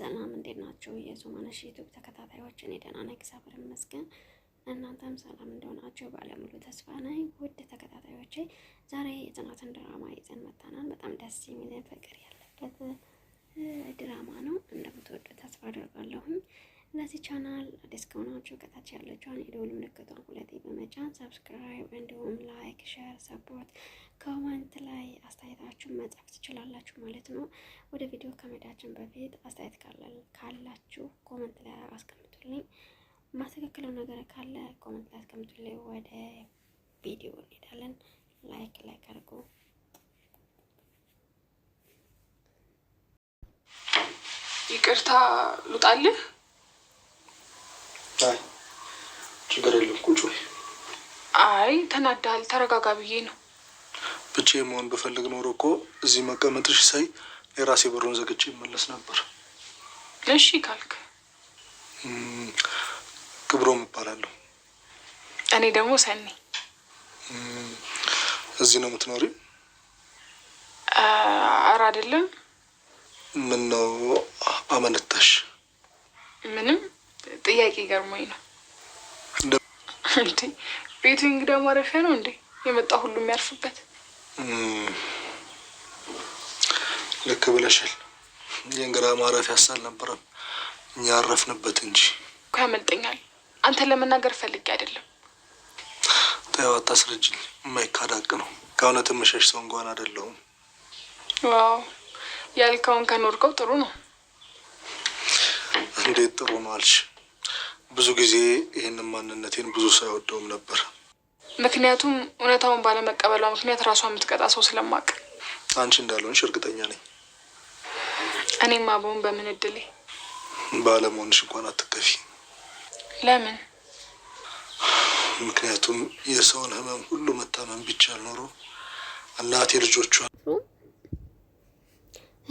ሰላም እንዴት ናችሁ? የሱማነሽ ዩቱብ ተከታታዮች፣ እኔ ደህና ነኝ እግዚአብሔር ይመስገን። እናንተም ሰላም እንደሆናችሁ ባለሙሉ ተስፋ ነኝ። ውድ ተከታታዮች ዛሬ የጽናትን ድራማ ይዘን መጥተናል። በጣም ደስ የሚል ፍቅር ያለበት ድራማ ነው። እንደምትወዱ ተስፋ አደርጋለሁኝ። ለዚህ ቻናል አዲስ ከሆናችሁ ከታች ያለችውን የደወል ምልክቷን ሁለቴ በመጫን ሰብስክራይብ እንዲሁም ላይክ፣ ሼር፣ ሰፖርት ኮመንት ላይ አስተያየታችሁን መጻፍ ትችላላችሁ ማለት ነው። ወደ ቪዲዮ ከመሄዳችን በፊት አስተያየት ካላችሁ ኮመንት ላይ አስቀምጡልኝ። ማስተካከለው ነገር ካለ ኮመንት ላይ አስቀምጡልኝ። ወደ ቪዲዮ እንሄዳለን። ላይክ ላይክ አድርጉ። ይቅርታ ልውጣልህ። ችግር የለም ቁጭ። አይ ተናዳል፣ ተረጋጋ ብዬ ነው ብቻዬን መሆን ብፈልግ ኖሮ እኮ እዚህ መቀመጥሽ ሳይ የራሴ በሩን ዘግቼ ይመለስ ነበር። እሺ ካልክ። ክብሮም እባላለሁ። እኔ ደግሞ ሰኒ። እዚህ ነው የምትኖሪ? ኧረ አይደለም። ምን ነው አመነታሽ? ምንም ጥያቄ ገርሞኝ ነው። ቤቱ እንግዳ ማረፊያ ነው እንዴ? የመጣ ሁሉ የሚያርፍበት ልክ ብለሻል። የእንግዳ ማረፊያ አልነበረም እኛ ያረፍንበት እንጂ እኮ ያመልጠኛል። አንተ ለመናገር ፈልጌ አይደለም። ተይው አታስረጅኝ። የማይካዳቅ ነው። ከእውነት መሸሽ ሰው እንኳን አይደለሁም። ዋው ያልከውን ከኖርከው ጥሩ ነው። እንዴት ጥሩ ነው አልሽ? ብዙ ጊዜ ይህንን ማንነቴን ብዙ ሰው አይወደውም ነበር ምክንያቱም እውነታውን ባለመቀበሏ ምክንያት ራሷ የምትቀጣ ሰው ስለማቅ አንቺ እንዳልሆንሽ እርግጠኛ ነኝ። እኔም አበውን በምን እድሌ ባለመሆንሽ እንኳን አትከፊ። ለምን? ምክንያቱም የሰውን ህመም ሁሉ መታመም ቢቻል ኖሮ እናት ልጆቿ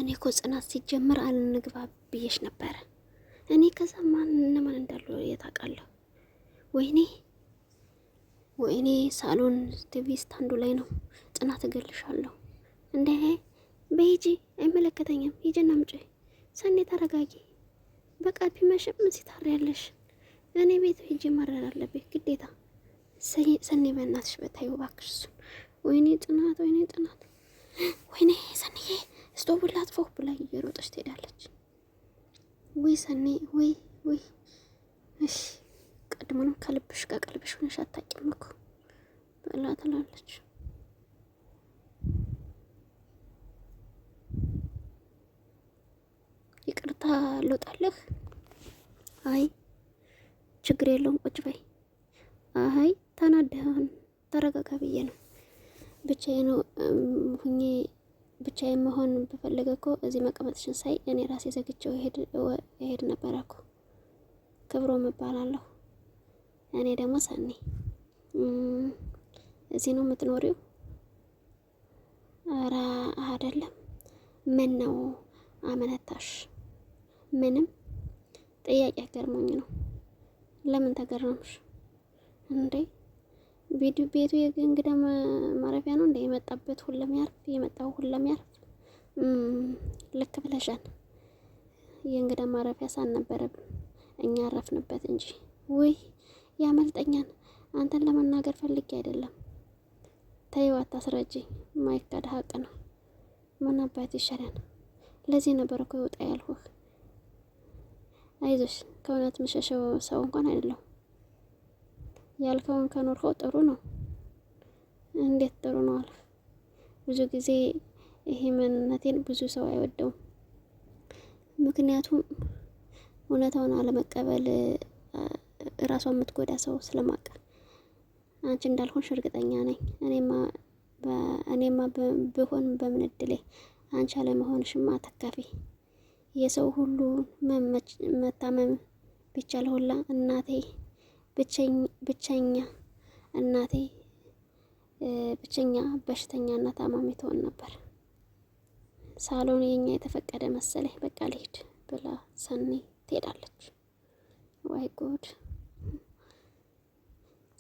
እኔ እኮ ጽናት ሲጀምር አልንግባ ብዬሽ ነበረ። እኔ ከዛ ማን እነማን እንዳሉ የታውቃለሁ? ወይኔ ወይኔ ሳሎን ቲቪ ስታንዱ ላይ ነው። ጽናት እገልሻለሁ። እንደ በሂጂ አይመለከተኝም። ሂጂና ምጪ። ሰኔ ተረጋጊ። በቃ ቢመሽም ሲታር ያለሽ እኔ ቤት ሂጂ መረር አለብኝ ግዴታ። ሰኔ በእናትሽ በታዩ ባክሽ እሱን። ወይኔ ጽናት፣ ወይኔ ጽናት፣ ወይኔ ሰኔዬ ስቶቡ ላጥፎ ብላ እየሮጠች ትሄዳለች። ወይ ሰኔ፣ ወይ ወይ እሺ ቀድሞንም ከልብሽ ቀልብሽ ሆነሽ አታውቂም እኮ ብላ ትላለች። ይቅርታ ልውጣለህ? አይ ችግር የለውም ቁጭ በይ። አይ ተናደህን ተረጋጋ ብዬ ነው ብቻዬ ነው ሁኜ ብቻዬ መሆን በፈለገ እኮ እዚህ መቀመጥሽን ሳይ እኔ ራሴ ዘግቼው እሄድ ነበረ እኮ ክብሮ እባላለሁ። እኔ ደግሞ ሰኔ። እዚህ ነው የምትኖሪው? ኧረ አይደለም። ምን ነው አመነታሽ? ምንም ጥያቄ ገርሞኝ ነው። ለምን ተገረምሽ እንዴ? ቤቱ የእንግዳ ማረፊያ ነው እንዴ? የመጣበት ሁሉም ያርፍ፣ የመጣው ሁሉም ያርፍ። ልክ ብለሻል። የእንግዳ ማረፊያ ሳልነበረብን እኛ አረፍንበት እንጂ ውይ ያመልጠኛል። አንተን ለመናገር ፈልጌ አይደለም። ተይው፣ አታስረጂ። ማይካድ ሀቅ ነው። ምን አባት ይሻላል። ለዚህ ነበር እኮ ይውጣ ያልኩህ። አይዞሽ፣ ከእውነት መሸሸው ሰው እንኳን አይደለሁም። ያልከውን ከኖርከው ጥሩ ነው። እንዴት ጥሩ ነው አልክ? ብዙ ጊዜ ይሄ ማንነቴን ብዙ ሰው አይወደውም። ምክንያቱም እውነታውን አለመቀበል ራሷን የምትጎዳ ሰው ስለማቀ አንቺ እንዳልሆንሽ እርግጠኛ ነኝ። እኔማ ብሆን በምን እድሌ አንቺ አለመሆንሽማ ተካፊ የሰው ሁሉ መታመም ቢቻል ሁላ እናቴ ብቸኛ እናቴ ብቸኛ በሽተኛ እና ታማሚ ትሆን ነበር። ሳሎን የኛ የተፈቀደ መሰለኝ። በቃ ልሂድ ብላ ሰኒ ትሄዳለች። ዋይ ጉድ!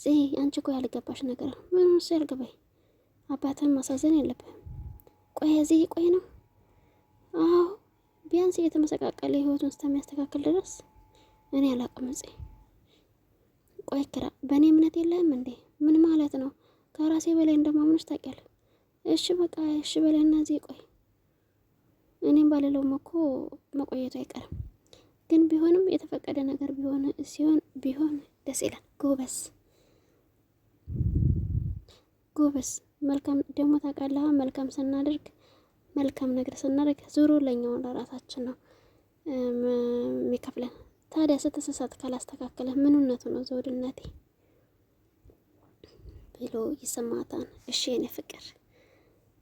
ጽሄ አንቺ እኮ ያልገባሽ ነገር ምን እሱ ያልገባኝ፣ አባትን ማሳዘን የለብህም። ቆይ እዚህ ቆይ ነው። አዎ ቢያንስ እየተመሰቃቀለ ህይወቱን እስከሚያስተካክል ድረስ እኔ አላቅም። ጽሄ ቆይ ክራ በእኔ እምነት የለህም እንዴ? ምን ማለት ነው? ከራሴ በላይ እንደማምኖች ታውቂያለሽ። እሺ በቃ እሺ በላይና እዚህ ቆይ። እኔም ባልለውም እኮ መቆየቱ አይቀርም። ግን ቢሆንም የተፈቀደ ነገር ቢሆን ሲሆን ቢሆን ደስ ይላል። ጎበስ ጎበስ መልካም ደግሞ ታውቃለህ፣ መልካም ስናደርግ መልካም ነገር ስናደርግ ዞሮ ለኛው ለራሳችን ነው የሚከፍለን። ታዲያ ስትስሳት ካላስተካከለ ምንነቱ ነው ዘውድነቴ ብሎ ይሰማታን። እሺ የኔ ፍቅር፣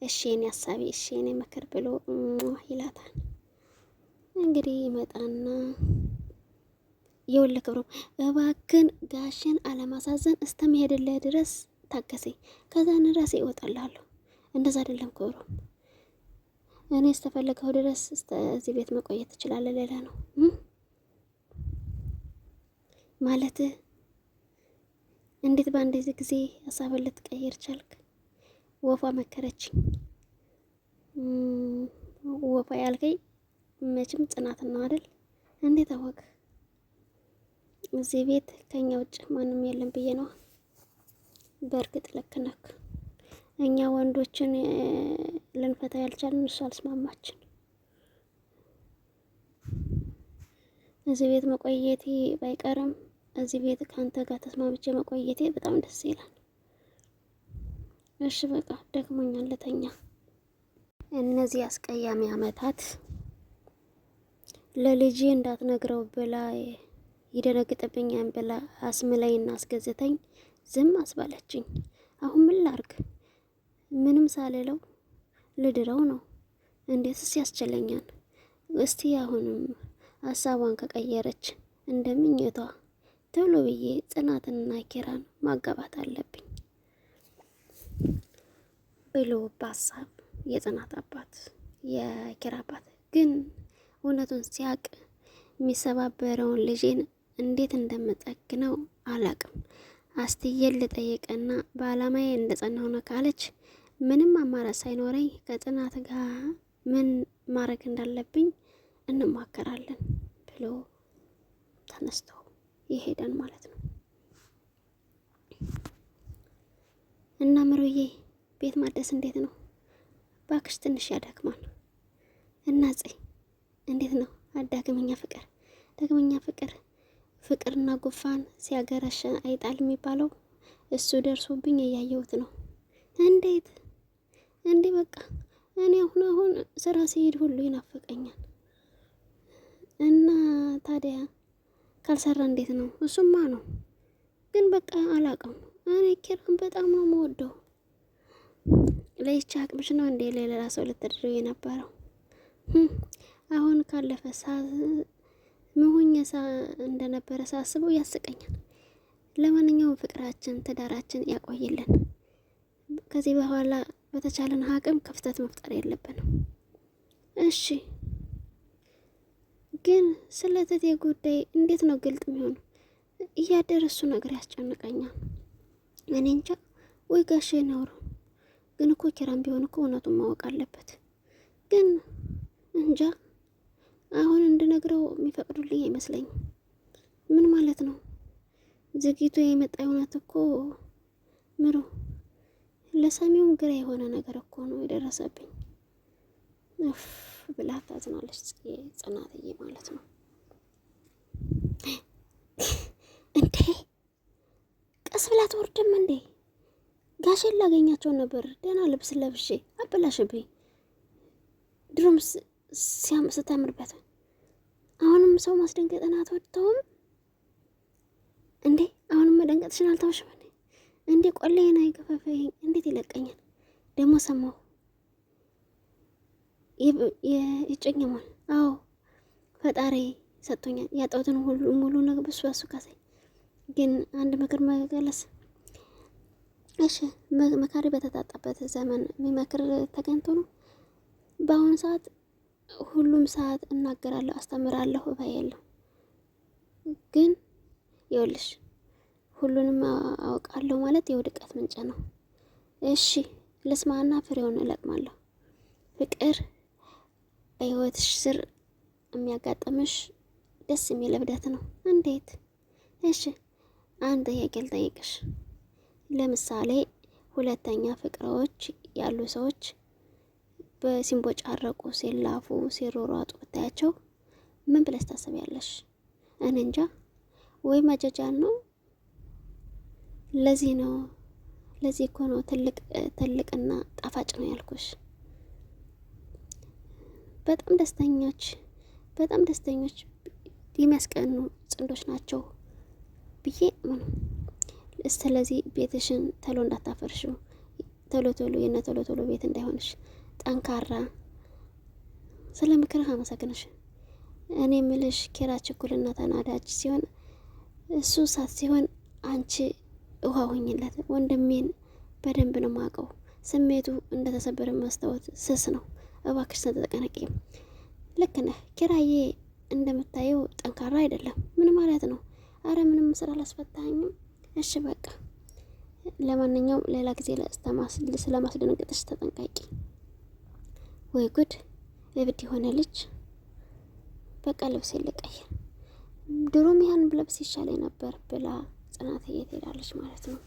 እሺ የኔ ሀሳቢ፣ እሺ የኔ ምክር ብሎ ይላታል። እንግዲህ ይመጣና የወለ ክብሮ እባክን ጋሽን አለማሳዘን እስከሚሄድልህ ድረስ ታገሴ፣ ከዛ እኔ ራሴ እወጣልሃለሁ። እንደዛ አይደለም ክብሩ፣ እኔ እስተፈለገው ድረስ እዚህ ቤት መቆየት ትችላለህ። ሌላ ነው ማለት እንዴት በአንድ ጊዜ ሀሳብን ልትቀይር ቻልክ? ወፏ መከረችኝ። ወፏ ያልከኝ መቼም ጽናት ነው አይደል? እንዴት አወቅ? እዚህ ቤት ከኛ ውጭ ማንም የለም ብዬ ነው። በእርግጥ ልክ ነክ እኛ ወንዶችን ልንፈታ ያልቻልን እሱ አልስማማችን። እዚህ ቤት መቆየቴ ባይቀርም እዚህ ቤት ከአንተ ጋር ተስማምቼ መቆየቴ በጣም ደስ ይላል። እሺ በቃ ደክሞኛል፣ ልተኛ። እነዚህ አስቀያሚ አመታት ለልጄ እንዳትነግረው ብላ ይደነግጥብኛል ብላ አስምለኝና አስገዝተኝ ዝም አስባለችኝ። አሁን ምን ላርግ? ምንም ሳልለው ልድረው ነው። እንዴትስ ያስችለኛል? እስቲ አሁንም ሀሳቧን ከቀየረች እንደ ምኞቷ ቶሎ ብዬ ጽናትንና ኪራን ማጋባት አለብኝ ብሎ በሀሳብ የጽናት አባት የኪራ አባት ግን እውነቱን ሲያቅ የሚሰባበረውን ልጄን እንዴት እንደምጠግነው አላቅም። አስትዬን ልጠይቅና በአላማዬ እንደጸናሁ ሆነ ካለች ምንም አማራጭ ሳይኖረኝ ከጽናት ጋር ምን ማድረግ እንዳለብኝ እንማከራለን ብሎ ተነስቶ ይሄዳል ማለት ነው። እና ምሩዬ ቤት ማደስ እንዴት ነው? ባክሽ ትንሽ ያደክማል። እና ጽ እንዴት ነው አዳግመኛ ፍቅር ዳግመኛ ፍቅር ፍቅርና ጉንፋን ሲያገረሽ አይጣል የሚባለው እሱ ደርሶብኝ እያየሁት ነው። እንዴት እንዴ! በቃ እኔ አሁን አሁን ስራ ሲሄድ ሁሉ ይናፍቀኛል። እና ታዲያ ካልሰራ እንዴት ነው? እሱማ ነው ግን በቃ አላውቅም። እኔ ኪራን በጣም ነው መወደው። ለይቻ አቅምሽ ነው እንዴ ለሌላ ሰው ልትድረው የነበረው? አሁን ካለፈ ሰዓት መሆኛ እንደነበረ ሳስበው ያስቀኛል። ለማንኛውም ፍቅራችን፣ ትዳራችን ያቆይልን። ከዚህ በኋላ በተቻለን አቅም ክፍተት መፍጠር የለብንም። እሺ። ግን ስለ እቴቴ ጉዳይ እንዴት ነው ግልጥ የሚሆኑ? እያደረሱ እሱ ነገር ያስጨንቀኛል። እኔ እንጃ ወይ ጋሽ ነውሩ። ግን እኮ ኪራም ቢሆን እኮ እውነቱን ማወቅ አለበት። ግን እንጃ አሁን እንድነግረው የሚፈቅዱልኝ አይመስለኝም። ምን ማለት ነው? ዘግይቶ የመጣ እውነት እኮ ምሩ፣ ለሰሚውም ግራ የሆነ ነገር እኮ ነው የደረሰብኝ ፍ ብላ ታዝናለች። ጽናትዬ ማለት ነው እንዴ? ቀስ ብላ ትወርድም እንዴ? ጋሼን ላገኛቸው ነበር ደህና ልብስ ለብሼ አበላሽብኝ ድሮምስ ስታምርበት አሁንም ሰው ማስደንገጥን አትወድተውም እንዴ? አሁንም መደንገጥሽን አልተውሽም እንዴ? ቆሌን አይገፈፈ እንዴት ይለቀኛል? ደግሞ ሰማሁ የእጮኛውን። አዎ ፈጣሪ ሰጥቶኛል ያጣሁትን ሁሉ ሙሉ ነገር ብሱ ያሱ ግን አንድ ምክር መገለስ እሺ፣ መካሪ በተጣጣበት ዘመን የሚመክር ተገኝቶ ነው በአሁኑ ሰዓት ሁሉም ሰዓት እናገራለሁ፣ አስተምራለሁ፣ እባያለሁ። ግን ይኸውልሽ ሁሉንም አውቃለሁ ማለት የውድቀት ምንጭ ነው። እሺ ልስማና ፍሬውን እለቅማለሁ። ፍቅር በህይወትሽ ስር የሚያጋጥምሽ ደስ የሚል እብደት ነው። እንዴት? እሺ አንድ ጥያቄ ልጠይቅሽ። ለምሳሌ ሁለተኛ ፍቅሮች ያሉ ሰዎች በሲንቦጫረቁ ሲላፉ ሲሮሯጡ ብታያቸው ምን ብለሽ ታስቢያለሽ? እኔ እንጃ። ወይ መጃጃል ነው። ለዚህ ነው ለዚህ እኮ ነው ትልቅ ትልቅና ጣፋጭ ነው ያልኩሽ። በጣም ደስተኞች በጣም ደስተኞች የሚያስቀኑ ጽንዶች ናቸው ብዬ ምን ስለዚህ ቤትሽን ተሎ እንዳታፈርሽው፣ ተሎ ተሎ የነ ተሎ ተሎ ቤት እንዳይሆንሽ ጠንካራ ስለ ምክርህ አመሰግንሽ። እኔ ምልሽ ኬራ ችኩልና ተናዳጅ ሲሆን እሱ እሳት ሲሆን አንቺ ውሃ ሁኝለት። ወንድሜን በደንብ ነው ማውቀው። ስሜቱ እንደተሰበረ መስታወት ስስ ነው። እባክሽ ተጠቀነቂም። ልክ ነህ ኪራዬ፣ እንደምታየው ጠንካራ አይደለም። ምን ማለት ነው? አረ ምንም ስራ አላስፈታኝም። እሺ በቃ ለማንኛውም ሌላ ጊዜ ስለማስደንገጥሽ ተጠንቃቂ። ወይ ጉድ! እብድ የሆነ ልጅ። በቃ ልብስ ልቀይር፣ ድሮም ይህን ብለብስ ይሻለኝ ነበር ብላ ጽናት እየትሄዳለች ማለት ነው።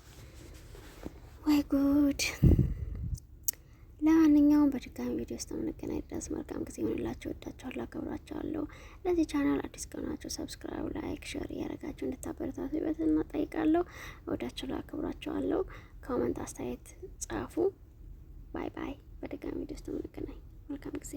ወይ ጉድ! ለማንኛውም በድጋሚ ቪዲዮ ውስጥ የምንገናኝ ድረስ መልካም ጊዜ ይሆንላችሁ። ወዳችኋለሁ፣ አከብራችኋለሁ። ለዚህ ቻናል አዲስ ከሆናችሁ ሰብስክራይብ፣ ላይክ፣ ሼር እያደረጋችሁ እንድታበረታቱ በትህትና እጠይቃለሁ። ወዳችኋለሁ፣ አከብራችኋለሁ። ኮመንት፣ አስተያየት ጻፉ። ባይ ባይ። በድጋሚ ቪዲዮ ውስጥ የምንገናኝ መልካም ጊዜ